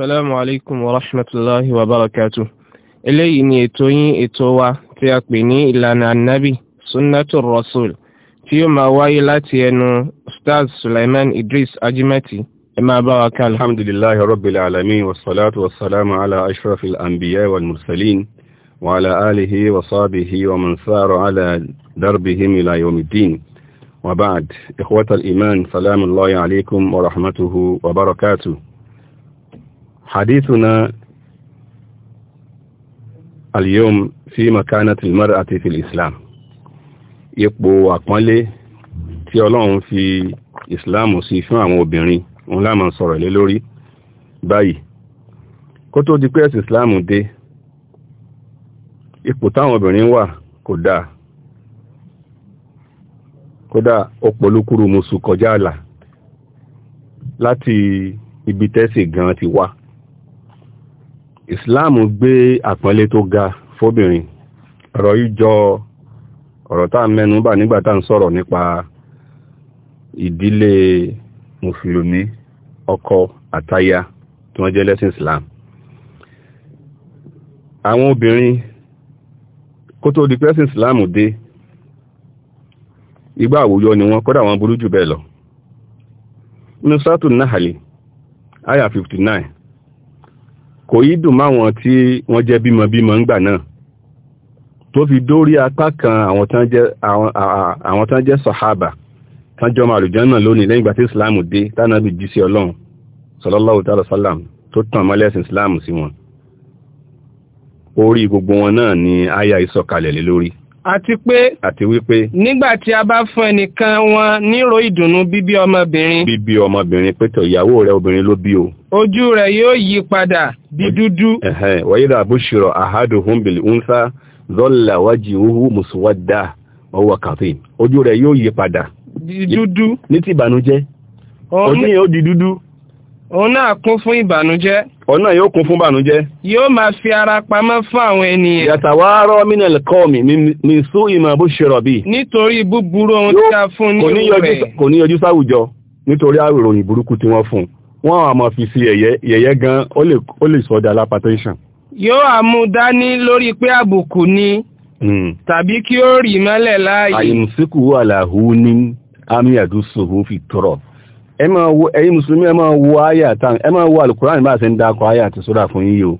السلام عليكم ورحمة الله وبركاته إلي إن يتوين إتوى تيقبني إلا النبي سنة الرسول في ما وايلاتي أنو أستاذ سليمان إدريس أجمتي ما بارك الحمد لله رب العالمين والصلاة والسلام على أشرف الأنبياء والمرسلين وعلى آله وصحبه ومن سار على دربهم إلى يوم الدين وبعد إخوة الإيمان سلام الله عليكم ورحمته وبركاته حديثنا اليوم في مكانة المرأة في الإسلام ipò àpọ́nlé tí ọlọ́run fi ìsìláàmù sí fún àwọn obìnrin òun láàmà sọ̀rọ̀ lé lórí báyìí kó tó di pé ẹ̀sìn ìsìláàmù dé ipò táwọn obìnrin wà kò dáa kódà ọ̀pọ̀lúkúrú musu kọjá àlà láti ibi tẹ́sì gan ti wá islam gbé àpọ́nlé tó ga fóbìnrin ọ̀rọ̀ yìí jọ ọ̀rọ̀ tá mẹ́nu bà nígbà tá ń sọ̀rọ̀ nípa ìdílé mùsùlùmí ọkọ àtaya tí wọ́n jẹ́ lẹ́sìn islam àwọn obìnrin kó tó di pẹ́sìn islam dé ìgbà àwùjọ ni wọ́n kódà wọn burú jù bẹ́ẹ̀ lọ nínú sátù náhàlì 59 kò yí dùn máwọn tí wọ́n jẹ́ bímọbímọ ńgbà náà tó fi dórí apá kan àwọn tán jẹ́ sọ̀hábà tán jọmọ àlùjọ náà lónìí lẹ́yìn ìgbà tí ìsìláàmù dé tánàbì jí sí ọlọ́run sọlọ́láwù tààlà sálàm tó tàn mọ́lẹ́sìn ìsìláàmù sí wọn orí gbogbo wọn náà ni àyà ìsọ̀kalẹ̀ lé lórí àti pé àti wípé nígbà tí a bá fún ẹnìkan wọn nírò ìdùnnú bíbí ọmọbìnrin bíbí ọmọbìnrin pétọ ìyàwó rẹ obìnrin ló bí o ojú rẹ yóò yí padà di dúdú ẹhẹn wàyídà bushira ahaduhum bil unsa zalla wajhuhu muswadda huwa kadhim ojú rẹ yóò yí padà di dúdú ní ti ìbànújẹ́ ojú yẹn ó dúdú òun náà kún fún ìbànújẹ́ ọ̀nà yóò kún fún bànújẹ́. yóò máa fi ara pamọ́ fún àwọn ènìyàn. yàtàwá rọ mínẹ̀l kọ́ mi mi sún ìmọ̀ bó ṣe rọ̀bì. nítorí búburú ohun tí a fún ní ìwé rẹ̀. kò ní yọjú sáwùjọ nítorí àròyìn burúkú tí wọ́n fún wọn àwọn àmọ́ fi sí yẹ̀yẹ́ gan ó lè sọ́dà lápàtẹ́ńṣàn. yóò àmú dání lórí pé àbùkù ni hmm. tàbí kí ó rì mọ́lẹ̀ láàyè. àyìmùsíkù ẹ máa wo ẹ̀yin mùsùlùmí ẹ máa wo àyà tán ẹ máa wo alukuran bá ṣe ń dákọ̀ àyà àti sódà fún yíyí o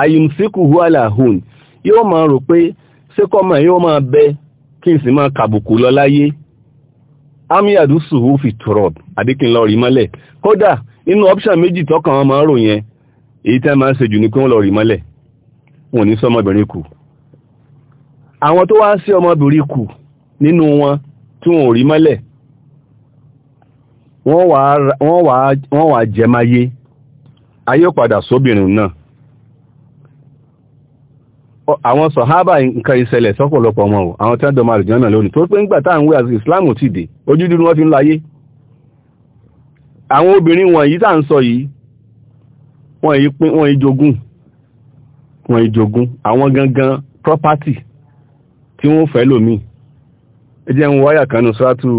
ayùmsíkù hualahun yóò máa rò pé sékọ́mọ̀ yóò máa bẹ kí n sì máa kàbùkù lọ láyé amíyàdú sùhù fi tọrọ àbí kí n lọ rí mọ́lẹ̀ kódà nínú option méjì tọ́kàn wọn máa ń rò yẹn èyí tẹ́ máa ń ṣe ní pé wọ́n lọ rí mọ́lẹ̀ wọn ní sọmọbìnrin kù àwọn tó wá sí ọmọbìnrin kù nínú wọn tí wọn ò rí mọ́lẹ̀ wọ́n wà jẹmáyé ayé padà sóbìnrin náà àwọn sọ̀hábà nǹkan ìṣẹ̀lẹ̀ sọ́pọ̀lọpọ̀ ọmọ ò àwọn tẹ́ndọ̀ máa rìjọ́ náà lónìí tó pé ń gbà táà ń wé àti ìsìláàmù ti dé ojú dúdú wọ́n fi ń láyé àwọn obìnrin wọ̀nyí tàà ń sọ yìí wọ́n yìí pín wọ́n yìí jogún wọ́n yìí jogún àwọn gangan property tí wọ́n fẹ́ lómi ẹ jẹ́ ń wáyà kanú sọ́tù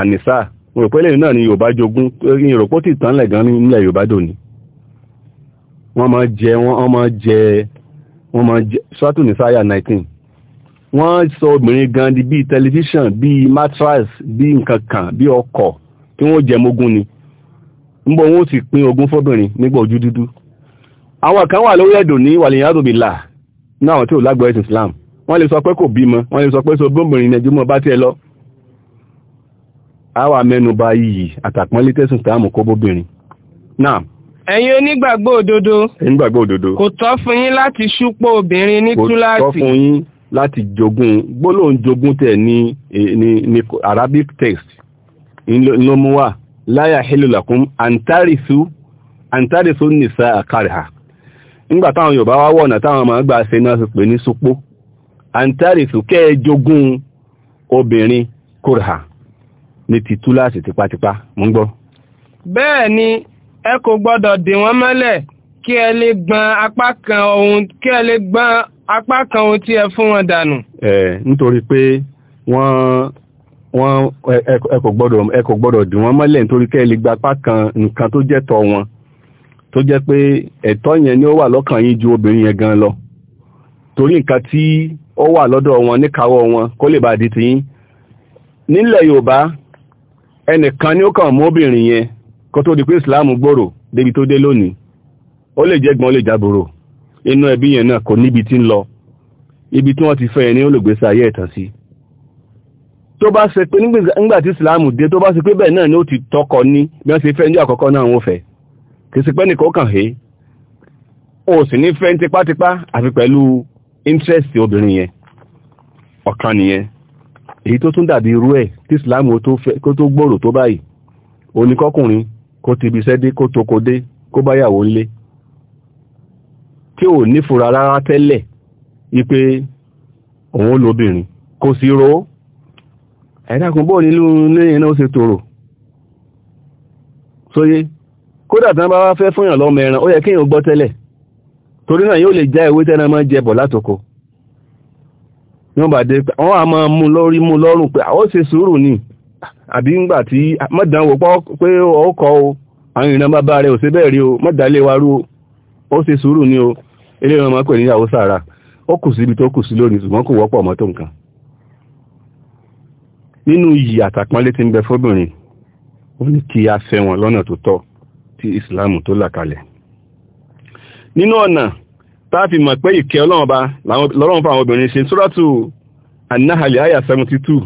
ànísáà òròpẹ́lẹ̀ náà ni Yorùbá jogún ní òròpó tí ìtànlẹ̀ gan nílẹ̀ Yorùbá dòní wọ́n máa jẹ wọ́n máa jẹ wọ́n máa jẹ sọ́tù ní sáyà 19 wọ́n sọ obìnrin gan di bíi tẹlifíṣàn bíi mattress bíi nǹkan kan bíi ọkọ̀ tí wọ́n jẹ mógún ni níbo wọ́n sì pín ogún fọ́bìnrin nígbà ojú dúdú àwọn kan wà lórí ẹ̀dùn ní wàlìyàdùbìlà ní àwọn tí ò lágbọ́ ẹ̀sìn Islam wọ́n lè sọ pé kò bímọ wọ́n lè sọ pé so bóbìnrin ẹjúmọ́ bá tiẹ̀ lọ àwa mẹ́nubà iyì àtàpọ́nlé tẹ́sùn tààmù kó bóbìnrin náà ẹ̀yin onígbàgbọ́ òdodo onígbàgbọ́ òdodo kò tọ́ fún yín láti ṣúpọ̀ obìnrin ní túláàsì kò tọ́ fún yín láti jogún gbólóhùn jogún tẹ̀ ní e, ní ní Arabic text ló mú wá láyà hélòlàkún àǹtárìsú àǹtárìsú nìsa àkàrà nígbà táwọn Yorùbá wá wọ̀nà táwọn máa gbà ṣe náà sì pè ní súpó àǹtárìsú kẹ́ jogún obìnrin kúrhà ní ti túláàsì tipátipá mú gbọ́. bẹ́ẹ̀ ni ẹ kò gbọ́dọ̀ dè wọ́n mọ́lẹ̀ kí ẹ lè gbọn apá kan ohun kí ẹ lè gbọn apá kan ohun tí ẹ fún wọn dànù. ẹ nítorí pé wọ́n wọ́n ẹ kò gbọ́dọ̀ ẹ kò gbọ́dọ̀ dè wọ́n mọ́lẹ̀ nítorí kí ẹ lè gba apá kan nǹkan tó jẹ́ tọ́ wọn tó jẹ́ pé ẹ̀tọ́ yẹn ni ó wà lọ́kàn yín ju obìnrin yẹn gan lọ torí nǹkan tí ó wà lọ́dọ̀ wọn níkàáwọ́ wọn kó lè bá di tiyín nílẹ̀ Yorùbá ẹnìkan ni ó kàn mú yẹn kó tó di pé islam gbòòrò débi tó dé lónìí ó lè jẹ́gbọ́n ó lè jábòrò inú ẹbí yẹn náà kò níbi tí lọ ibi tí ti fẹ́ eni olùgbésí ayé ẹ̀tàn sí tó bá ṣe pé nígbà tí islam dé tó bá ṣe pé bẹ́ẹ̀ náà ni ó ti tọkọ ní bí wọ́n ṣe fẹ́ ní àkọ́kọ́ náà wọ́n fẹ́ kì í ṣe pé nìkan kàn hé o sì ní èyí tó tún dàbí irú ẹ̀ tí islam kó tó gbòòrò tó báyìí oníkọkùnrin kó ti ibi iṣẹ́ dé kó toko dé kó báyàwó ńlé tí ò nífura rárá tẹ́lẹ̀ wípé òun lóbìnrin kò sí ro ẹ̀dàkùn bóò nílùú lẹ́yìn náà ó ṣe tòrò sóyé kódà tán bá fẹ́ fún ìrànlọ́mọ ẹran ó yẹ kí èèyàn gbọ́ tẹ́lẹ̀ torí náà yóò lè já ewé tẹ́ran mọ́ jẹ bọ̀ látòkò wọ́n bá dé wọ́n á máa mú lórí mú lọ́rùn pé àwọn ṣe sùúrù ni àbí ńgbà tí mọ́dánwò pé ó kọ́ o àwọn ìrìnà bàbá rẹ̀ ò ṣe bẹ́ẹ̀ rí o mọ́dálé wa rú ó ṣe sùúrù ni o ilé ìrànmọ́ pè ní ìyàwó sára ó kù síbi tó kù sí lónìí ṣùgbọ́n kò wọ́pọ̀ mọ́ tó nǹkan nínú iyì àtàpọ́nlé tí ń bẹ fóbìnrin ó ní kí a fẹ́ wọn lọ́nà tó tọ́ tí ìsìláàmù tó là kalẹ̀ nínú ọ̀nà táàfi mọ̀ pé ìkẹ́ ọlọ́run ba lọ́rọ̀ fún àwọn obìnrin ṣe suratu an-Nahl àyà 72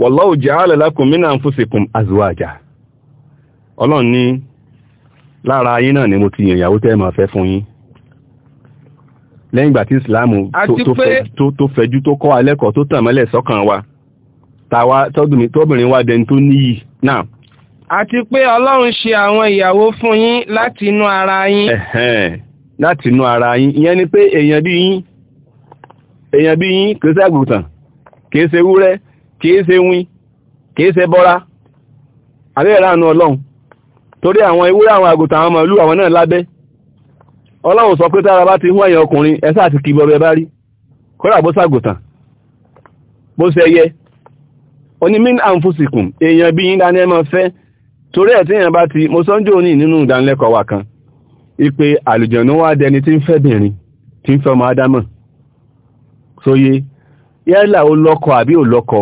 wallahu ja'ala lakum min anfusikum azwaja ọlọ́run ní lára yín ni mo ti yàn ìyàwó tẹ́ máa fẹ́ fún yín lẹ́yìn ìgbà tí ìsìláàmù tó fẹjú tó kọ́ alẹ́kọ̀ọ́ tó tàn mọ́lẹ̀ sọ́kàn wa tọ́bìnrin wa dẹni tó níyì náà àti pé ọlọ́run ṣe àwọn ìyàwó fún yín láti inú ara yín láti inú ara yín ìyẹn ni pé èèyàn bí yín èèyàn bí yín kìí ṣe àgùntàn kìí ṣe wúrẹ́ kìí ṣe wín kìí ṣe bọ́ra àbẹ́ẹ̀rẹ́ àánú ọlọ́run torí àwọn ewúrẹ́ àwọn àgùntàn àwọn màálù àwọn náà lábẹ́ ọlọ́run sọ pé tára bá ti hún ẹ̀yàn ọkùnrin ẹ̀sà àti kìí bọ́bẹ̀ bá rí kọ́lá bó ṣàgùntàn bó ṣe ẹyẹ oní min anfusikum èèyàn bí yín dání ẹ máa fẹ́ torí ẹ̀ tí èèyàn bá ti mo sọ́njọ́ òní nínú ìdánilẹ́kọ̀ọ́ wa kan ipe àlùjọ̀nú wá dẹni tí ń fẹ́ bìnrin tí ń fẹ́ ọmọ adámọ̀ sóyé yálà ó lọ́kọ àbí ò lọ́kọ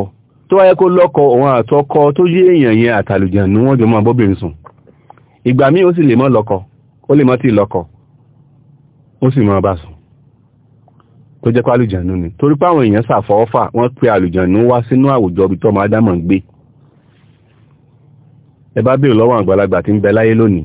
tó wáyé kó lọ́kọ òun àtọkọ tó yé èèyàn yẹn àtàlùjọ̀nú wọ́n jọ mọ́ bóbìnrin sùn ìgbà míì ó sì lè mọ́ lọ́kọ ó lè mọ́ tí lọ́kọ ó sì mọ́ bá sùn tó jẹ́ pálùjọ̀nú ni torí pé àwọn èèyàn ṣàfọwọ́fà wọ́n pe àlùjọ̀nú wá sínú àwùjọ ibi tọ́mọ adámọ̀ ń gbé ẹ bá béèrè lọ́wọ́ àgbàlagbà tí ń bẹ láyé lónìí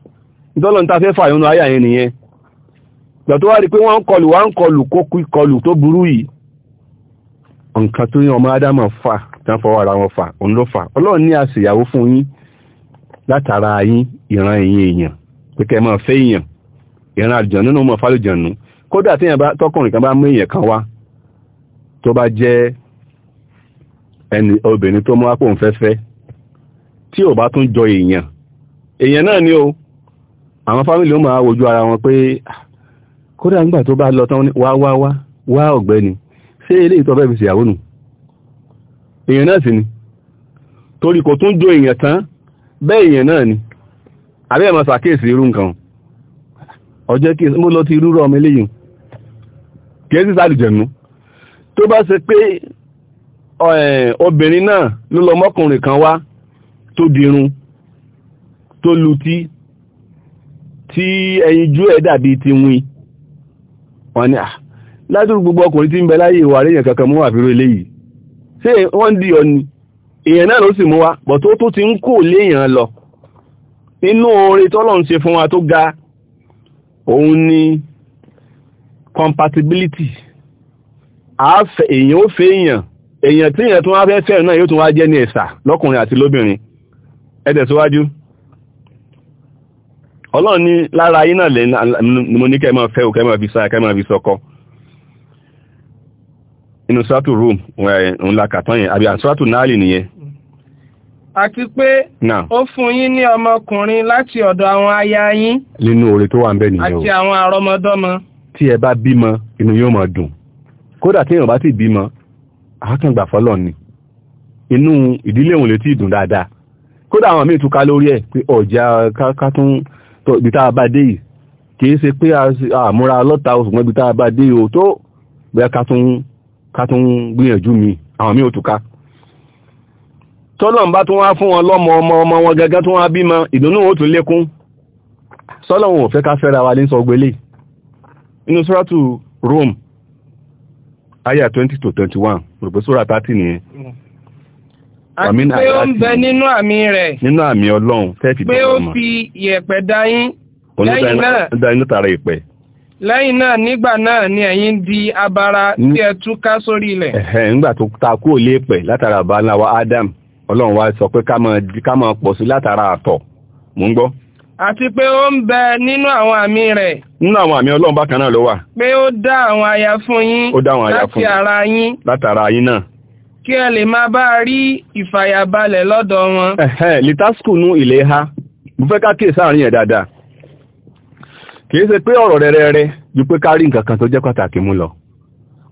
ìtọ́lọ̀ ń ta fẹ́ fàyọnú ayà yẹn nìyẹn gbà tó wá rí pé wọ́n ń kọlù wá ń kọlù kókú ìkọlù tó burú yìí nǹkan tó yán ọmọ ádámà fà tán fọwọ́ ara wọn fà òun ló fà ọlọ́run ní àṣeyàwó fún yín látara yín ìran ẹ̀yìn èèyàn pé kẹ́ máa fẹ́ èèyàn ìran àlùjọ̀nú náà mọ̀ fálùjọ̀nú kódà tí tọkùnrin kan bá mú èèyàn kan wá tó bá jẹ́ ẹni obìnrin tó mú wá pòun fẹ́fẹ́ tí ò bá tún jọ èèyàn èèyàn náà ni o àwọn fámílì ó máa wojú ara wọn pé kódà nígbà tó bá lọ tán wá wá wá wá ọ̀gbẹ́ni ṣé ilé ìtọ́fẹ́ fi ṣèyàwó nù èèyàn náà sì ni torí kò tún jó èèyàn tán bẹ́ẹ̀ èèyàn náà ni àbẹ́ ẹ̀mọ̀ sàkíyèsí irú nǹkan ọjọ́ kí mo lọ ti rúrọ̀ ọmọ eléyìí kìí sí sàlùjẹ̀nú tó bá ṣe pé obìnrin náà ló lọ mọ́kùnrin kan wá tó dirun tó lutí tí ẹyinjú ẹ̀ dàbí ti win wọ́n ní à ládùrú gbogbo ọkùnrin tí ń bẹ láyé ìwà àríyàn kankan mú àfihàn eléyìí ṣé wọ́n dì ọ ni èèyàn náà ló sì mú wa bọ̀ tó tó ti ń kò léèyàn lọ nínú oore tọ́lọ́run ṣe fún wa tó ga òun ni compatibility èèyàn ó fẹ́ èèyàn èèyàn tí èèyàn tó wá fẹ́ fẹ́ náà yóò tún wá jẹ́ ní ẹ̀sà lọ́kùnrin àti lóbìnrin ẹ̀dẹ̀ síwájú. So ọlọ́run ní lára ayé náà lè ní mo ní kẹ́ máa fẹ́ o kẹ́ fi sáyà kẹ́ máa fi sọkọ inú sọ́tù rúm òun la kàtán yẹn àbí àsọ́tù náàlì nìyẹn àti pé ó fún yín ní ọmọkùnrin láti ọ̀dọ̀ àwọn aya yín nínú oore tó wà ń bẹ nìyẹn o àti àwọn àrọmọdọ́mọ tí ẹ bá bímọ inú yóò máa dùn kódà tí èèyàn bá ti bímọ àákàngbà fọlọ ni inú ìdílé òun lè ti dùn dáadáa kódà àwọn míì túká lórí ẹ pé ọjà ká tó ibi a bá dé yìí kìí ṣe pé àmúra lọ́ta oṣù mọ́ ibi tá a bá dé yìí tó bẹ́ẹ̀ ká tún gbìyànjú mi àwọn mí ò túká tọ́lọ̀ ń bá tún wá fún wọn lọ́mọ ọmọ ọmọ wọn gẹ́gẹ́ tún wá bímọ ìdùnnú ó tún lékún sọ́lọ̀wọ̀n ò fẹ́ ká fẹ́ra wa ní sọgbélé inú sóràtù Rome aya 20 to 21 rò pé sórà 30 nìyẹn àti pé ó ń bẹ nínú àmì rẹ̀ nínú àmì ọlọ́run pe o pé ó fi yẹ̀pẹ̀ dá lẹ́yìn náà lẹ́yìn náà nígbà ni ẹ̀yin di abara tí ẹ túká sórí ilẹ̀ nígbà tó ta kú òlé pẹ̀ látara Adam ọlọ́run wa sọ pé ká máa pọ̀ sí látara àtọ̀ gbọ́ àti pé ó ń bẹ nínú àwọn àmì rẹ̀. nínú àwọn àmì ọlọ́run bákan náà ló wà. ó dá àwọn aya fún yín láti ara yín. látara yín kí ẹ lè máa bá rí ìfàyàbalẹ̀ lọ́dọ̀ wọn. ẹ̀hẹ́ litaskù nú ilé ha mo fẹ́ ká kíyèsí àárín ẹ̀ dáadáa kìí ṣe pé ọ̀rọ̀ rẹ̀rẹ̀rẹ̀ ju pé ká rí nǹkan kan tó jẹ́ pàtàkì mú lọ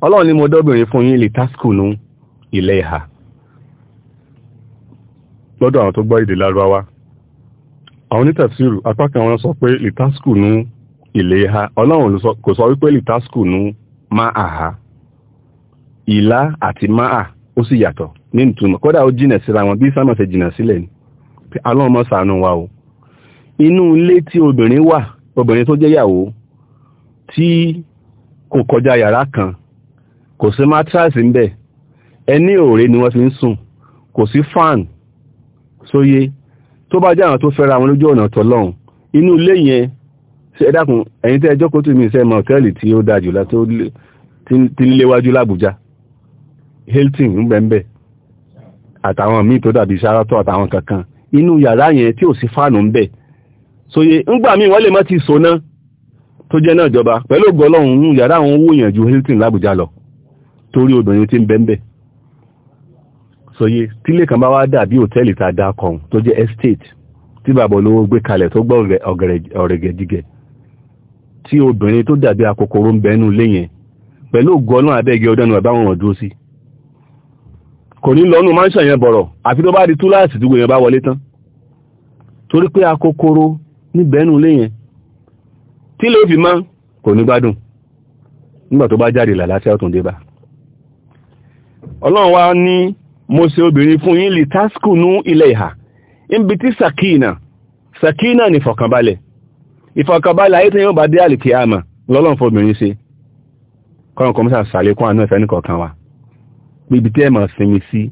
ọlọ́run ni mo dọ́bìnrin fún yín litaskù nú ilé ha lọ́dọ̀ àwọn tó gbọ́ èdè lárúbáwá àwọn onítafsírù apá kan wọn sọ pé litaskù nú ilé ha ọlọ́run kò sọ wípé litaskù nú máa ha ìlà àti máa ó sì yàtọ̀ ní ìtumọ̀ kódà ó jìnà síra wọn bí sámà ṣe jìnà sílẹ̀ ni Ọlọ́run mọ́ wa o inú ilé tí obìnrin wà obìnrin tó jẹ́yàwó tí kò kọjá yàrá kan kò sí mátíráàsì ń bẹ̀ ẹni òòrè ni wọ́n fi ń sùn kò sí fan sóyé tó bá jẹ́ àwọn tó fẹ́ra àwọn lójú ọ̀nà tọ́lọ́run inú ilé yẹn ẹ̀dákun ẹ̀yin tẹ́ ẹjọ́ kó tù mí sẹ́mọ̀ hòtẹ́ẹ̀lì tí ó dájú tí ń léwájú lábújá Hilton ń bẹ́ẹ̀ àtàwọn míì tó dàbí Sheraton àtàwọn kankan inú yàrá yẹn tí ò sí fáànù ń bẹ̀ sóye ńgbà míì wọ́n lè ti sóná tó jẹ́ náà jọba pẹ̀lú ògbọ́lọ́hún yàrá ju Hilton lábùjá lọ torí obìnrin tí ń bẹ́ẹ̀ tílé kan bá wá dàbí tá a dá kan tó jẹ́ estate tí bàbá olówó gbé kalẹ̀ tó gbọ́ ọ̀rẹ̀gẹ̀dìgẹ̀ tí obìnrin tó dàbí akòkòrò ń lé yẹn pẹ̀lú ògbọ́lọ́hún abẹ́gẹ́ ọdọ́nu kò ní lọ́nù mansion yẹn bọ̀rọ̀ àfi tó bá di túláàsì tí gbogbo yẹn bá wọlé tán torí pé a akókóró níbẹ̀ẹ́nù lé yẹn tí lè fi mọ́ kò ní gbádùn nígbà tó bá jáde làlásíà tó ń dé bá ọlọ́run wá ní mo ṣe obìnrin fún yín lè tásìkò ní ilẹ̀ ìhà níbi tí sakina sakina ní ìfọ̀kànbalẹ̀ ìfọ̀kànbalẹ̀ ayé tó yóò bá dé àlìkè àmà lọ́lọ́run fún obìnrin ṣe kọ́nà kọ́mísà sàlékún àánú ẹ̀fẹ́ nìkọ̀ọ̀kan wa pé ibi tẹ́ máa sinmi sí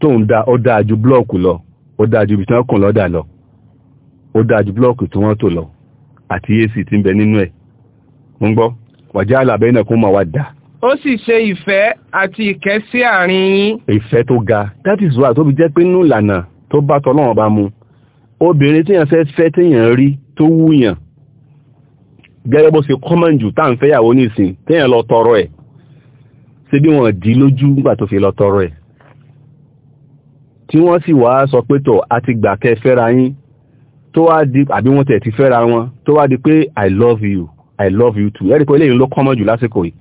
tóun dá ó dáa ju blọ́ọ̀kù lọ ó dáa ju ibi tí wọ́n kùn lọ́dà lọ ó dáa ju blọ́ọ̀kù tí wọ́n tò lọ àti ac ti ń bẹ nínú ẹ̀ ń gbọ́ wàjá àlàbẹ́ náà kó máa wá dà. ó sì ṣe ìfẹ́ àti ìkẹ́ sí àárín yín. ìfẹ́ tó ga that is why tó fi jẹ́ pé nínú ìlànà tó bá tọ́lọ́wọ́n bá mu obìnrin téèyàn fẹ́ fẹ́ téèyàn rí tó wúyàn gẹ́gẹ́ bó ṣe kọ́mọ̀n jù tá à ń fẹ́yàwó nísìn téèyàn lọ tọrọ ẹ̀ ṣe bí wọ́n dí lójú nígbà tó fi lọ tọrọ ẹ̀ tí wọ́n sì wá sọ pé tọ̀ àti gbà kẹ́ fẹ́ra yín tó wá di àbí wọ́n tẹ̀ ti fẹ́ra wọn tó wá di pé i love you i love you too ẹ̀rí pé eléyìí ló kọ́mọ̀ jù lásìkò yìí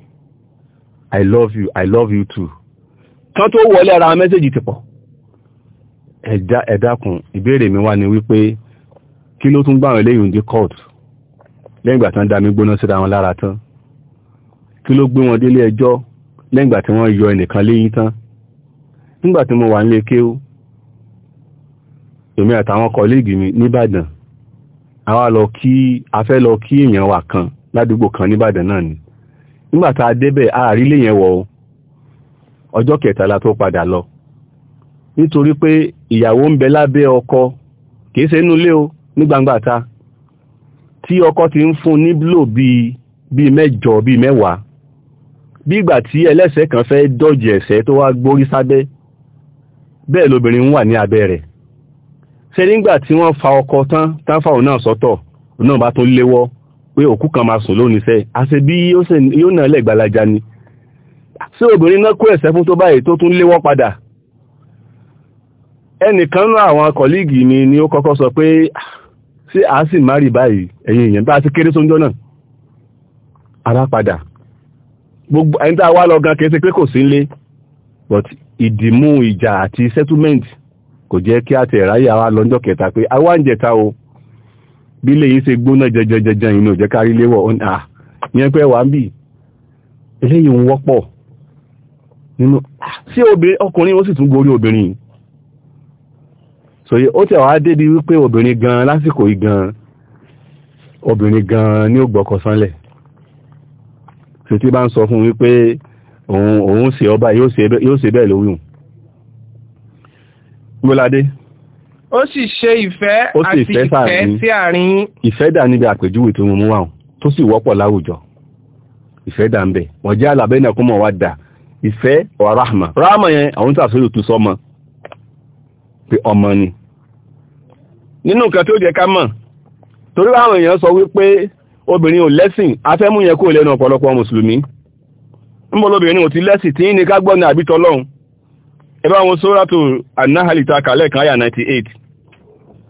i love you i love you too kan tó wọlé ara mẹ́sẹ̀jì ti pọ̀ ẹ dákun ìbéèrè mi wá ni wípé kí ló tún gbàwọn eléyìí ní court lẹ́yìn ìgbà tán dá mi gbóná síra wọn lára tán kí ló gbé wọn délé ẹjọ́ lẹ́gbà tí wọ́n yọ ẹnìkan léyìn tán nígbà tí mo wà nílé o èmi àtàwọn kọlíìgì mi níbàdàn àwa lọ kí afẹ́ lọ kí èèyàn kan ládùúgbò kan níbàdàn náà ni nígbà tá a débẹ̀ ààrí lè yẹn o ọjọ́ tó padà lọ nítorí pé ìyàwó ń bẹ lábẹ́ ọkọ kìí ṣe o ní gbangba ta ọkọ ti ń fún ní bíi bíi mẹ́jọ bí ìgbà tí ẹlẹ́ṣẹ̀ kan fẹ́ dọ̀jì ẹ̀ṣẹ̀ tó wá gbórí sábẹ́ bẹ́ẹ̀ lóbìnrin ń wà ní abẹ́ rẹ̀ ṣe nígbà tí wọ́n fa ọkọ tán tán fáwọn náà sọ́tọ̀ náà bá tún léwọ́ pé òkú kan máa sùn lónìí sẹ́ àṣẹ bí yóò náà lẹ́gbàlájá ni sí obìnrin náà kó ẹ̀ṣẹ̀ fún tó báyìí tó tún léwọ́ padà ẹnìkan náà àwọn kọ̀lígì mi ni ó kọ́kọ́ sọ pé sí a sì má rí báyìí ẹ̀yìn èèyàn bá ti kéré sóúnjọ́ náà arápadà gbogbo ẹni tá a wá lọ gan kẹsẹ pé kò sí nlé but ìdìmú ìjà àti settlement kò jẹ́ kí àti ẹ̀ráyè àwa lọ́jọ́ kẹta pé àwa ń jẹta o bí lè yí ṣe gbóná jẹjẹjẹjẹ inú ìjẹ́ kárí léwọ̀ ọ̀nà yẹn pé wà ń bì eléyìí ń wọ́pọ̀ nínú sí obìnrin ọkùnrin ó sì tún gorí obìnrin sòye ó tẹ̀ wá débi wípé obìnrin gan lásìkò yìí gan obìnrin gan ni ó gbọ́kọ̀ sánlẹ̀ so tí bá ń sọ fún wípé òun òun ṣe ọba yóò ṣe bẹ́ẹ̀ lórí gbọ́ládé ó sì ṣe ìfẹ́ àti ìfẹ́ sí àárín ìfẹ́ dà níbi àpèjúwe tó mú wà tó sì wọ́pọ̀ láwùjọ ìfẹ́ dà ń bẹ̀ wọ́n jẹ́ àlàbẹ́ náà kó mọ̀ wá dà ìfẹ́ ọ̀ rahma rahma yẹn àwọn tàṣírí tún sọmọ pé ọmọ ni nínú nǹkan tó jẹ ká mọ̀ torí àwọn èèyàn sọ wípé obìnrin ò lẹ́sìn afẹ́mú yẹn kó lẹ́nu ọ̀pọ̀lọpọ̀ mùsùlùmí ń bọ́ lóbìnrin ò ti lẹ́sìn tí ní ká gbọ́nà àbí ebe ẹ bá wọn sóràtò anáhàlìta kàlẹ̀ kan àyà 98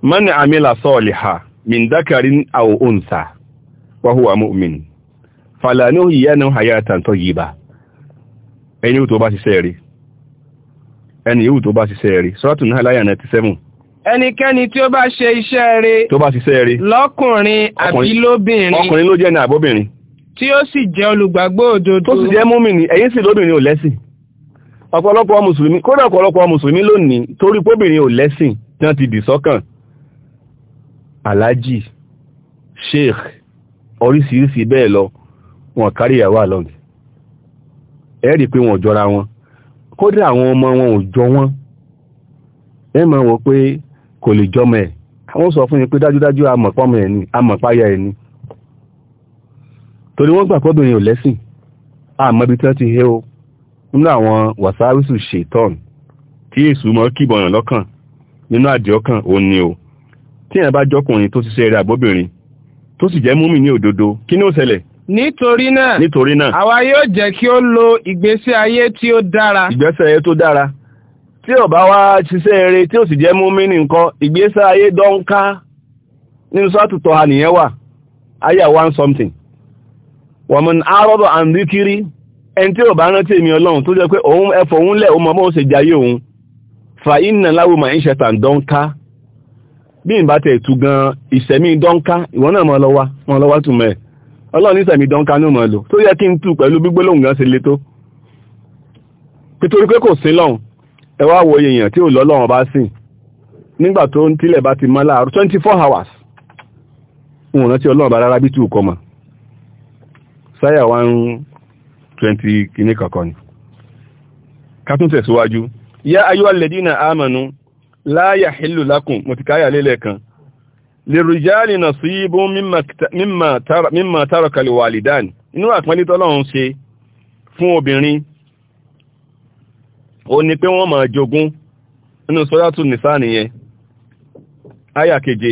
mọ́nà àmìlà sọ́ọ̀lìhà mìndákàrín àwọn òǹsà wáhùwà ẹnikẹ́ni tí ó bá ṣe iṣẹ́ rẹ̀ tó bá ṣiṣẹ́ rẹ̀ lọ́kùnrin àbí lóbìnrin ọkùnrin ló jẹ́ ní àbóbìnrin tí ó sì jẹ́ olùgbàgbọ́ òdodo tó sì jẹ́ múmìnì ẹ̀yin sì lóbìnrin ò lẹ́sìn ọ̀pọ̀lọpọ̀ mùsùlùmí kódà ọ̀pọ̀lọpọ̀ mùsùlùmí lónìí torí póbìnrin ò lẹ́sìn tí wọ́n ti dì sọ́kàn aláàjì sheikh oríṣiríṣi bẹ́ẹ̀ lọ wọn kárí ìyàwó àlọ́ọ̀nì ẹ rí i pé wọn ò jọra wọn kódà àwọn ọmọ wọn ò jọ wọn ẹ máa wọ pé kò lè jọmọ ẹ̀ àwọn sọ fún yín pé dájúdájú amọ̀pọ̀mọ̀ ẹ̀ ni amọ̀páyà ẹ̀ ni torí wọ́n gbà pọ́bìnrin ò lẹ́sìn àmọ́bi tí wọ́n ti hé o nínú àwọn wàsáwísù ṣètọ́n tí èsù mọ́ kíbọ̀yàn lọ́kàn nínú àdìọ́kàn ò ní o tí èèyàn bá jọkùnrin tó ṣiṣẹ́ rẹ̀ àbóbìnrin tó sì jẹ́ múmi ní òdodo kí ni ó ṣẹlẹ̀ nítorí náà nítorí náà àwa yóò jẹ́ kí ó lo ìgbésí ayé tí ó dára ìgbésí ayé tó dára tí ò bá wá ṣiṣẹ́ eré tí ò sì jẹ́ mùmínì nǹkan ìgbésẹ̀ ayé dọ́nká nínú sọ́tùtọ̀ ha nìyẹn wà ayà one something wọ̀mùn arọ́dọ̀ àndíkiri ẹn tí ò bá rántí èmi ọlọ́run tó jẹ́ pé òun ẹfọ̀ òun lẹ̀ òun mọ́ òun fa iná láwù ń dọ́nká bí n bá tẹ̀ gan ìṣẹ̀mí dọ́nká ìwọ náà lọ́wọ́ lọ́wọ́ tù mẹ́ ọlọ́run ìṣẹ̀mí dọ́nká ní ẹ wá wo èèyàn tí ò lọ́lọ́run bá sìn nígbà tó ń tilẹ̀ bá ti mọ́ láàárọ̀ twenty four hours wọn rántí ọlọ́run bá rárá bí tí ò kọ́ mọ́ sáyà wá twenty kìíní kankan ni ká tún tẹ̀síwájú yá ayọ́ alẹ́dínà àmànú láyà hìlù lákùn mo ti káyà lélẹ̀ kan lèròjálì nà sí ibú mímọ̀ tàràkàlì wàlìdáni inú ó ní pé wọ́n máa jogún nínú sọ́dátù nìsá nìyẹn àyà keje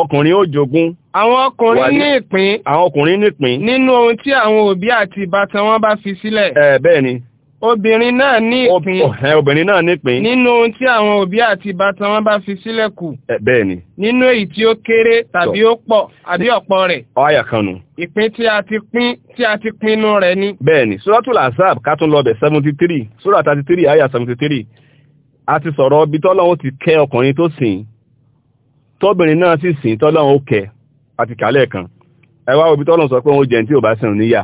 ọkùnrin ó jogún àwọn ọkùnrin ní ìpín àwọn ọkùnrin ní ìpín nínú ohun tí àwọn òbí àti ìbátan wọn bá fi sílẹ̀ ẹ̀ bẹ́ẹ̀ ni obìnrin náà ní òpin obìnrin náà ní pín nínú ohun tí àwọn òbí àti ìbátan wọn bá fi sílẹ̀ kù bẹ́ẹ̀ ni nínú èyí tí ó kéré tàbí ó pọ̀ àbí ọ̀pọ̀ rẹ̀ ọ̀yà kan nù ìpín tí a ti pín tí a ti pinnu rẹ̀ ni. bẹ́ẹ̀ ni suratul azab kátún lọ bẹ̀ seventy three sura thirty three aya seventy three a ti sọ̀rọ̀ ibi tọ́lọ́hún ti kẹ́ ọkùnrin tó sìn tọ́bìnrin náà sì sìn tọ́lọ́hún ó kẹ́ àti kálẹ̀ kan ẹ wá ibi tọ́lọ́hún sọ pé òun jẹun tí ò bá sìn níyà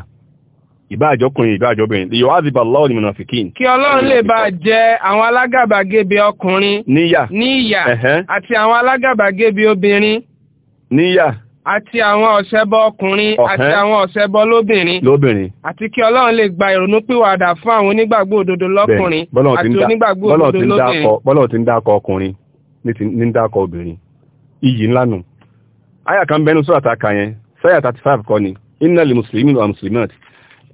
ìbáàjọ́kùnrin ìbáàjọ́bìnrin lè yọ̀wá àzìbà lọ́wọ́ ni mọ̀nàfikín. kí ọlọ́run lè bá jẹ àwọn alágàbàgebè ọkùnrin. níyà níyà àti àwọn alágàbàgebè obìnrin. níyà àti àwọn ọ̀ṣẹbọ ọkùnrin àti àwọn ọ̀ṣẹbọ lóbìnrin lóbìnrin àti kí ọlọ́run lè gba ìrònúpìwàdà fún àwọn onígbàgbọ́ òdodo lọ́kùnrin àti onígbàgbọ́ òdodo lóbìnrin. bọ́lọ̀ ti ńlá nù. kan bẹnu yẹn sẹ́yà ni inna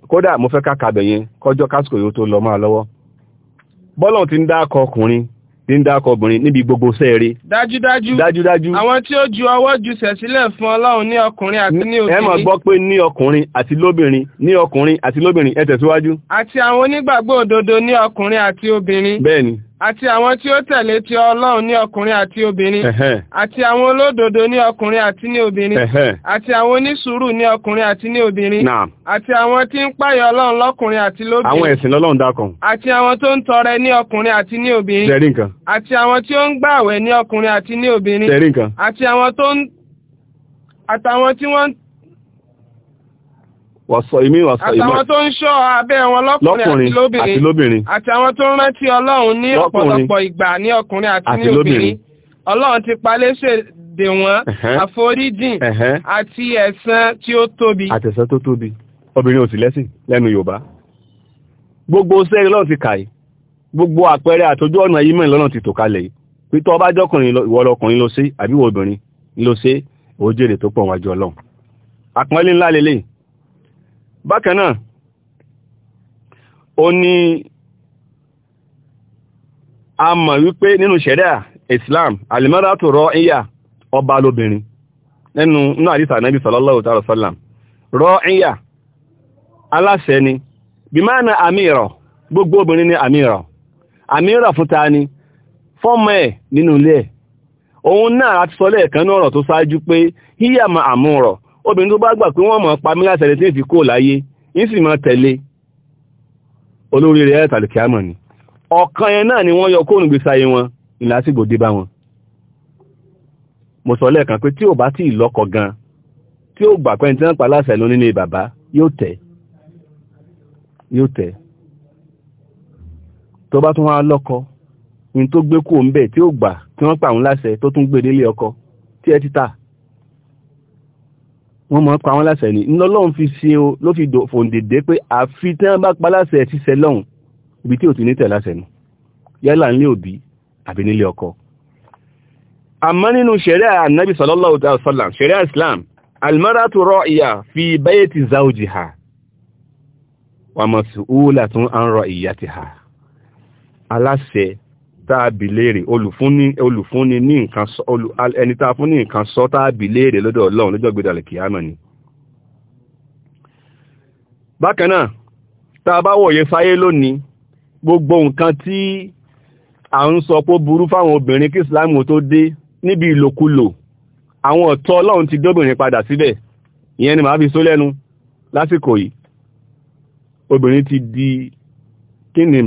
kódà mo fẹ́ kákàbẹ̀ yẹn kọjọ́ kásìkò yóò tó lọ máa lọ́wọ́ bọ́lọ̀ ti ń dákọ ọkùnrin ti ń dákọ obìnrin níbi gbogbo sẹ́ẹ̀rẹ́ dájúdájú dájúdájú àwọn tí ó ju ọwọ́ ju sẹ̀sílẹ̀ fún ọlọ́run ní ọkùnrin àti ní obìnrin ẹ máa gbọ́ pé ní ọkùnrin àti lóbìnrin ní ọkùnrin àti lóbìnrin ẹ tẹ̀síwájú àti àwọn onígbàgbọ́ òdodo ní ọkùnrin àti obìnrin bẹ́ẹ̀ni àti àwọn tí ó tẹ̀lé ti ọlọ́run ní ọkùnrin àti obìnrin àti àwọn olódodo ní ọkùnrin àti ní obìnrin àti àwọn onísùúrù ní ọkùnrin àti ní obìnrin àti àwọn tí ń páyọ ọlọ́run lọ́kùnrin àti lóbìnrin àwọn ẹ̀sìn lọ́lọ́run dákan àti àwọn tó ń tọrẹ ní ọkùnrin àti ní obìnrin tẹ̀rí nǹkan àti àwọn tí ó ń gbààwẹ̀ ní ọkùnrin àti ní obìnrin àti àwọn tí wọ́n ń wọ̀sọ ìmí wọ̀sọ ìmọ̀. àtàwọn tó ń ṣọ́ abẹ́ wọn lọ́kùnrin àti lóbìnrin àtàwọn tó ń rántí ọlọ́run ní ọ̀pọ̀lọpọ̀ ìgbà ní ọkùnrin àti ní obìnrin ọlọ́run ti paléṣe dè wọ́n àforíjìn àti ẹ̀san tí ó tóbi. àtẹ̀sán tó tóbi obìnrin ò sì lẹ́sìn lẹ́nu yorùbá gbogbo sẹ́yìn lọ́run ti kà yìí gbogbo àpẹẹrẹ àtọjú ọ̀nà yìí mẹ́rin lọ́nà ti tò kalẹ̀ yìí pé tó bákan náà ó a mọ̀ wípé nínú ṣẹ̀ríà Islam alimọ́dátò rọ ìyà ọba lóbìnrin nínú inú àdísà náà bí sallallahu ta'ala sallam rọ ìyà ni bí máa na gbogbo obìnrin ni àmìrọ̀ àmìrọ̀ fún ta ni fọ́mọ̀ ẹ̀ nínú ilé òun náà àti sọ lẹ́ẹ̀kan náà ọ̀rọ̀ tó ṣáájú pé híyàmà àmúrọ̀ obìnrin tó bá gbà pé wọ́n mọ̀ pa mí láti ẹ̀lẹ́tí ìfi kó láyé yìí sì máa tẹ̀lé olórí rẹ̀ tàlùkì àmọ̀ ni ọ̀kan yẹn náà ni wọ́n yọ kóònù gbèsè ayé wọn ìlàsìgbò dé bá wọn mo sọ lẹ́ẹ̀kan pé tí ò bá tí ìlọ́kọ̀ gan tí ó gbà pẹ́ntì náà pa láṣẹ ló nílé bàbá yóò tẹ̀ yóò tẹ̀ tó bá tún wá lọ́kọ ní tó gbé kúò ń bẹ̀ tí ó gbà tí wọ́n pa òun láṣẹ tó tún gbé délé ọkọ tí ẹ ti ta wọ́n mọ̀ pa wọ́n láṣẹ ni ńlọ́lọ́run fi ṣe o ló fi fòǹdèdè pé àfi tí wọ́n bá pa láṣẹ ti ṣẹ lọ́hùn ibi tí ò ti ní tẹ̀ láṣẹ nu yálà nílé òbí àbí nílé ọkọ. àmọ́ nínú ṣẹ̀ríà sallallahu alaihi wasallam islam almaratu ra'iya fi bayti zawjiha wa mas'ulatun an ra'iyatiha aláṣẹ tàbí léèrè olùfúnni olùfúnni ní nǹkan sọ ẹni tàà fún ní nǹkan sọ tàbí léèrè lọ́dọ̀ ọlọ́run lọ́jọ́ gbẹ̀dàlẹ̀ kìámọ̀ ni bákanáà tàà bá wòye sáyé lónìí gbogbo nǹkan tí à ń sọ pé burú fáwọn obìnrin kí islam tó dé níbi ìlòkulò àwọn ọ̀tọ̀ ọlọ́run ti dóbìnrin padà síbẹ̀ ìyẹn ni màá fi só lẹ́nu lásìkò yìí obìnrin ti di kí ni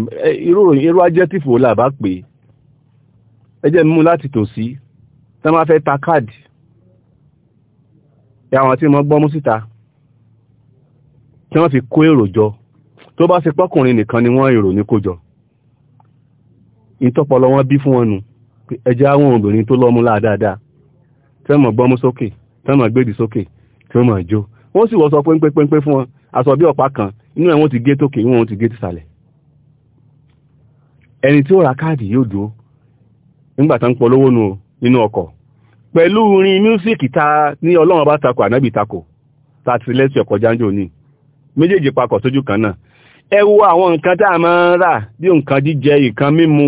irú ajẹ́tìfò làbá pè ẹjẹ́ mú láti tòsí tá máa fẹ́ ta káàdì ẹ tí mo gbọ́ mú síta tí wọ́n fi kó èrò jọ tó bá ṣe pọ́kùnrin nìkan ni wọ́n èrò ní kójọ ìtọ́pọ̀lọ wọn bí fún wọn nù ẹjẹ́ àwọn obìnrin tó lọ́mú láàdáadáa tẹ́ mọ̀ gbọ́mú sókè tẹ́ mọ̀ gbèdì sókè tí ó mọ̀ jó wọ́n sì wọ́n sọ péńpépéńpé fún wọn aṣọ bí ọ̀pá kan inú ẹ̀ wọ́n ti gé tókè wọ́n ti gé nígbàtà ń polówó nù nínú ọkọ̀ pẹ̀lú rin mísíkì ta ní ọlọ́run bá takò ànábì takò láti lẹ́sí ọkọ̀ jáńjò ní méjèèjì papọ̀ sójú kan náà ẹ wo àwọn nǹkan tá a máa ń rà bí nǹkan jíjẹ nǹkan mímu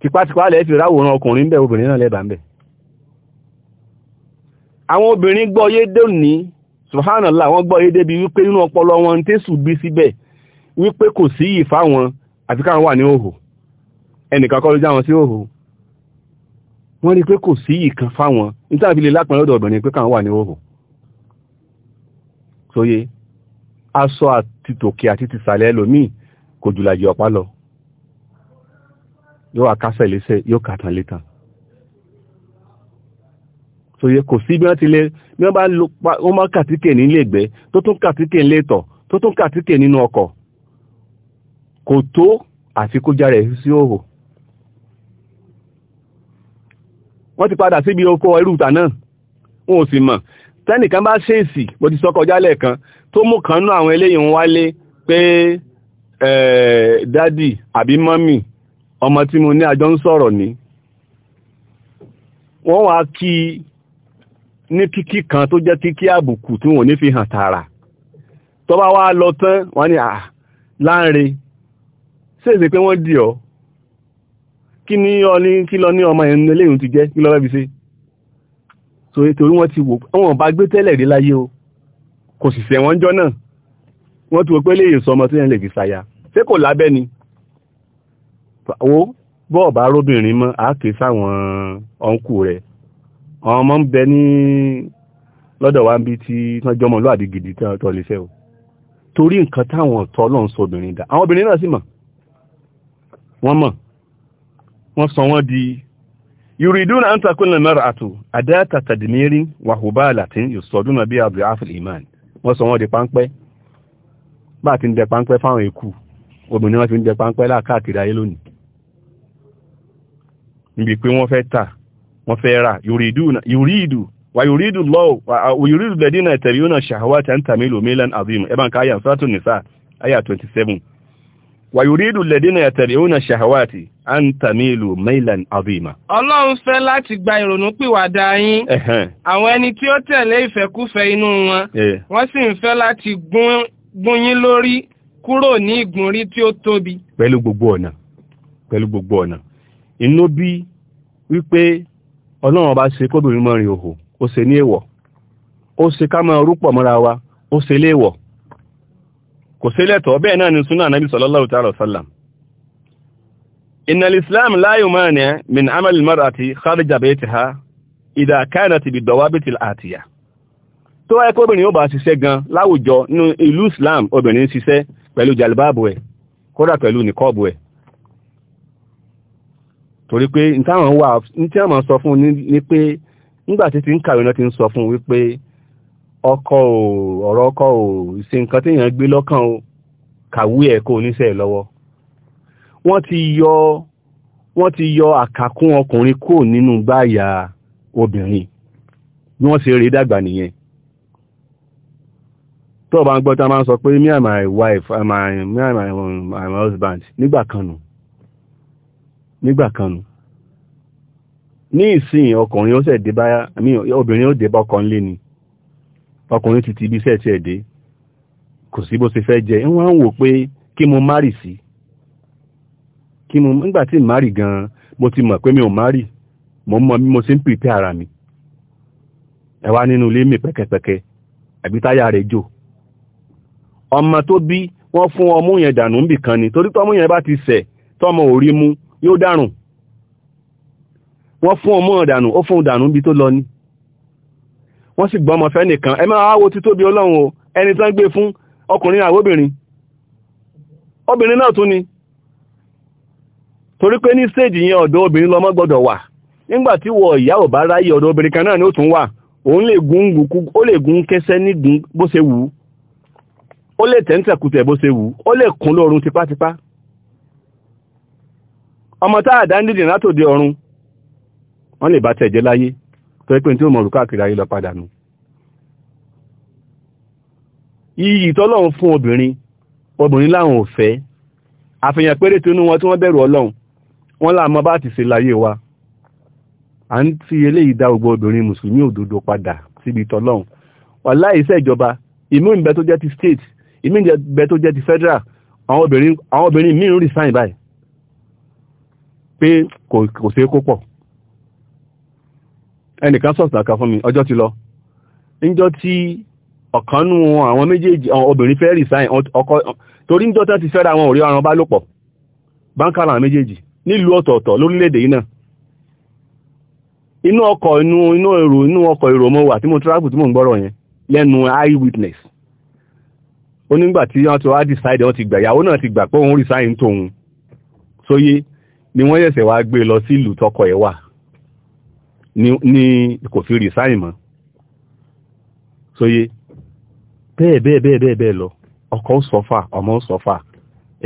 tipátipá lẹ́ẹ̀ fi ráwòrán ọkùnrin bẹ́ẹ̀ obìnrin náà lẹ́bàá bẹ́ẹ̀ àwọn obìnrin gbọ́ yé dóní subhanallah wọn gbọ́ yé débi wípé nínú ọpọlọ wọn tẹ́sù bí síbẹ̀ wípé kò sí ìfáwọn àti káwọn wà ní òhò ẹnìkan kọ́ ló já wọn sí òhò wọ́n rí pé kò sí ìkan fáwọn nítàbí lè lápẹ́ lọ́dọ̀ ọ̀dọ̀ ni pé káwọn wà ní òhò sóyé aṣọ àti tòkè àti tìsàlẹ̀ ẹlòmíì kò jùlàjì ọ̀pá lọ yóò àkásẹ̀ lẹ́sẹ̀ yóò kàtàn létàn sóyé kò sí bí wọ́n ti lé bí wọ́n bá wọ́n máa kàtíkè nílé ìgbẹ́ tó tún kàtíkè nílé tó tún kàtíkè nínú ọkọ̀ kò tó àfikójára ẹ̀ sí òhò wọ́n ti padà síbi oko ẹrúta náà wọn ò sì mọ̀ tẹ́nìkan bá ṣèèsì bó ti sọ kọjá lẹ́ẹ̀kan tó mú kan nú àwọn eléyìí ń wálé pé dádì àbí mọ́mì ọmọ tí mo ní àjọ ń sọ̀rọ̀ ní wọ́n wá kí ní kíkí kan tó jẹ́ kíkí àbùkù tí wọ́n ní fi hàn tààrà tó bá lọ tán wọ́n ní à láńre ṣèèsì pé wọ́n dì ọ́ kí ní ọní kí lọ ní ọmọ ẹ̀nu eléyìn ti jẹ́ kí lọ rẹ́bi sí so torí wọ́n ti wò wọ́n bá gbé tẹ́lẹ̀ rí láyé o kò sì sẹ̀wọ́n jọ náà wọ́n ti wò pé léyìn sọmọ tí yẹn lè fi ṣàyà ṣé kò lábẹ́ ni wo bọ́ọ̀bá róbìnrin mọ́ àáké sáwọn ọ̀nkù rẹ̀ àwọn ọmọ ń bẹ ní lọ́dọ̀ wa ń bí tí wọ́n jọmọ lóàdí gidi tọ́ lè fẹ́ o torí nǹkan táwọn ọ̀tọ́ ọlọ́run sọ obìnrin dá àwọn obìnrin náà sì mọ̀ wọ́n mọ̀ wọ́n sọ wọ́n di yuriduna an takuna mar'atu adata tadmirin wa hubalatin yusaduna bi adhaf al-iman wọ́n sọ wọ́n di páńpẹ́ bá ti ń dẹ páńpẹ́ fáwọn èkú obìnrin wọ́n ti ń dẹ páńpẹ́ láàkàkiri ayé lónìí níbi pé wọ́n fẹ́ tà wọ́n fẹ́ rà yuridu wa yuridu lọ́wọ́ wa yuridu lẹ́dínà tẹ̀bí yóò náà ṣàwátà ń tàmílò mílíọ̀nù àbímù ẹbá ń ká àyà sọ́tún nìsá àyà wàyúrídù lẹ́dínà ẹ̀tẹ̀rì òun ṣàhàwàtì à ní ìlú mailan abima ọlọ́run fẹ́ láti gba ìrònú pìwàdà yín àwọn ẹni tí ó tẹ̀lé ìfẹ́kúfẹ́ inú wọn wọ́n sì ń fẹ́ láti gún lori lórí kúrò ní ìgúnrí gbogbo ọ̀nà Pelu gbogbo ọ̀nà wípé ṣe mọ́rin òhò o ṣe ní O ṣe wa ṣe kò sí lẹ́tọ̀ bẹ́ẹ̀ náà ni súnà nàbí sallallahu ta'ala sallam inna al-islam la yumani min amali al-mar'ati kharija baytiha idha kanat bid-dawabit al-atiya tó wáyé kóbìnrin ó bá ṣiṣẹ́ gan láwùjọ nínú ìlú islam obìnrin ṣiṣẹ́ pẹ̀lú jalibáàbù ẹ̀ kódà pẹ̀lú nìkọ́ọ̀bù ẹ̀ torí pé ní tí wọ́n sọ fún ní pé nígbà tí ń kàwé náà ti ń sọ fún wípé ọkọ ò ọ̀rọ̀ ọkọ ò ṣe nǹkan tí èèyàn gbé lọ́kàn o kàwé ẹ̀ kó oníṣẹ́ lọ́wọ́ wọ́n ti yọ wọ́n ti yọ àkàkún ọkùnrin kò nínú gbáyà obìnrin bí wọ́n ṣe rí dàgbà nìyẹn tó bá ń gbọ́ máa ń sọ pé me and my wife and uh, my, me and my, my, um, my husband nígbà kan nù nígbà kan nù ní ìsìn ọkùnrin ó sẹ̀ dé bá obìnrin ó dé bá ọkọ ńlé ni ọkùnrin ti ti ibi iṣẹ́ ti ẹ̀dẹ́ kò sí bó ṣe fẹ́ jẹ ń wọ́n ń wò pé kí mo márì sí kí mo nígbà tí márì gan-an mo ti mọ̀ pé mi ò márì mo mọ bí mo ṣe ń pìpẹ́ ara mi ẹ nínú ilé mi pẹ́kẹ́pẹ́kẹ́ àbí táyà rẹ̀ jò ọmọ tó bí wọ́n fún ọmú yẹn dànù níbì kan ni torí tọ́mú yẹn bá ti sẹ̀ tọ́mọ ò rí mú yóò dàrùn wọ́n fún ọmú yẹn dànù ó fún dànù níbi tó lọ ni wọ́n sì gbọ́mọ fẹ́ nìkan ẹ máa wo ti tóbi ọlọ́run o ẹni tán gbé fún ọkùnrin àwóbìnrin obìnrin náà tún ni torí pé ní stage yẹn ọ̀dọ̀ obìnrin lọmọ gbọ́dọ̀ wà nígbàtí wọ ìyá ò bá ráyè ọ̀dọ̀ obìnrin kan náà ni ó tún wà òun lè gún kẹsẹ́ nígun bó ṣe wù ú ó lè tẹ́ntẹ̀kùtẹ̀ bó ṣe wù ú ó lè kún lórun tipátipá ọmọ táàdá nídìí látòdì ọ̀run wọ́n lè bá tẹ̀jẹ́ láyé tó ẹ́ pé tí ó mọ̀ rùkáàkiri ayé lọ padà nù iyì tọ́lọ́run fún obìnrin obìnrin láwọn ò fẹ́ àfihàn péré tí inú wọn tí wọ́n bẹ̀rù ọlọ́run wọ́n láàmọ́ bá ti ṣe láyé wa a ń fi eléyìí dá gbogbo obìnrin mùsùlùmí òdodo padà síbi tọ́lọ́run wà láìsẹ́ ìjọba ìmú ìbẹ́ tó jẹ́ ti state ìmú ìbẹ́ tó jẹ́ ti federal àwọn obìnrin míì ń resign báyìí pé kò ṣeé kó pọ̀ ẹnìkan sọ̀tà kan fún mi ọjọ́ ti lọ níjọ́ tí ọ̀kanú àwọn méjèèjì obìnrin fẹ́ resign ọkọ torí níjọ́ tán ti fẹ́ra àwọn òrí ọ̀ràn bá lòpọ̀ báńkàrà àwọn méjèèjì nílùú ọ̀tọ̀ọ̀tọ̀ lórílẹ̀-èdè yìí náà inú ọkọ̀ inú inú èrò inú ọkọ̀ èrò mo wà tí mo travel tí mo ń gbọ́rọ̀ yẹn lẹ́nu eye witness onígbà tí wọ́n ti wá decide wọ́n ti gbà ìyàwó náà ti gbà pé òun resign tóun sóyé ni wọ́n yẹ̀sẹ̀ wá gbé lọ sí ìlú tọkọ ẹ̀ wà ni kò fi rí sáì mọ́ sóyé bẹ́ẹ̀ bẹ́ẹ̀ bẹ́ẹ̀ bẹ́ẹ̀ bẹ́ẹ̀ lọ ọkọ ó sọ́fà ọmọ ó sọ́fà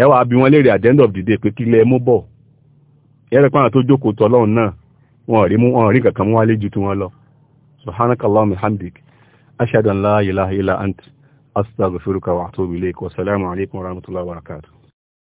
ẹ wàá bí wọ́n léèrè at the end of the day pé kílẹ̀ mú bọ̀ yẹ́rẹ̀ pàrọ̀ tó jókòó tọ́ lọ́hùn náà wọn rí mú wọn rí kankan mú wálé ju tí wọ́n lọ la ilaha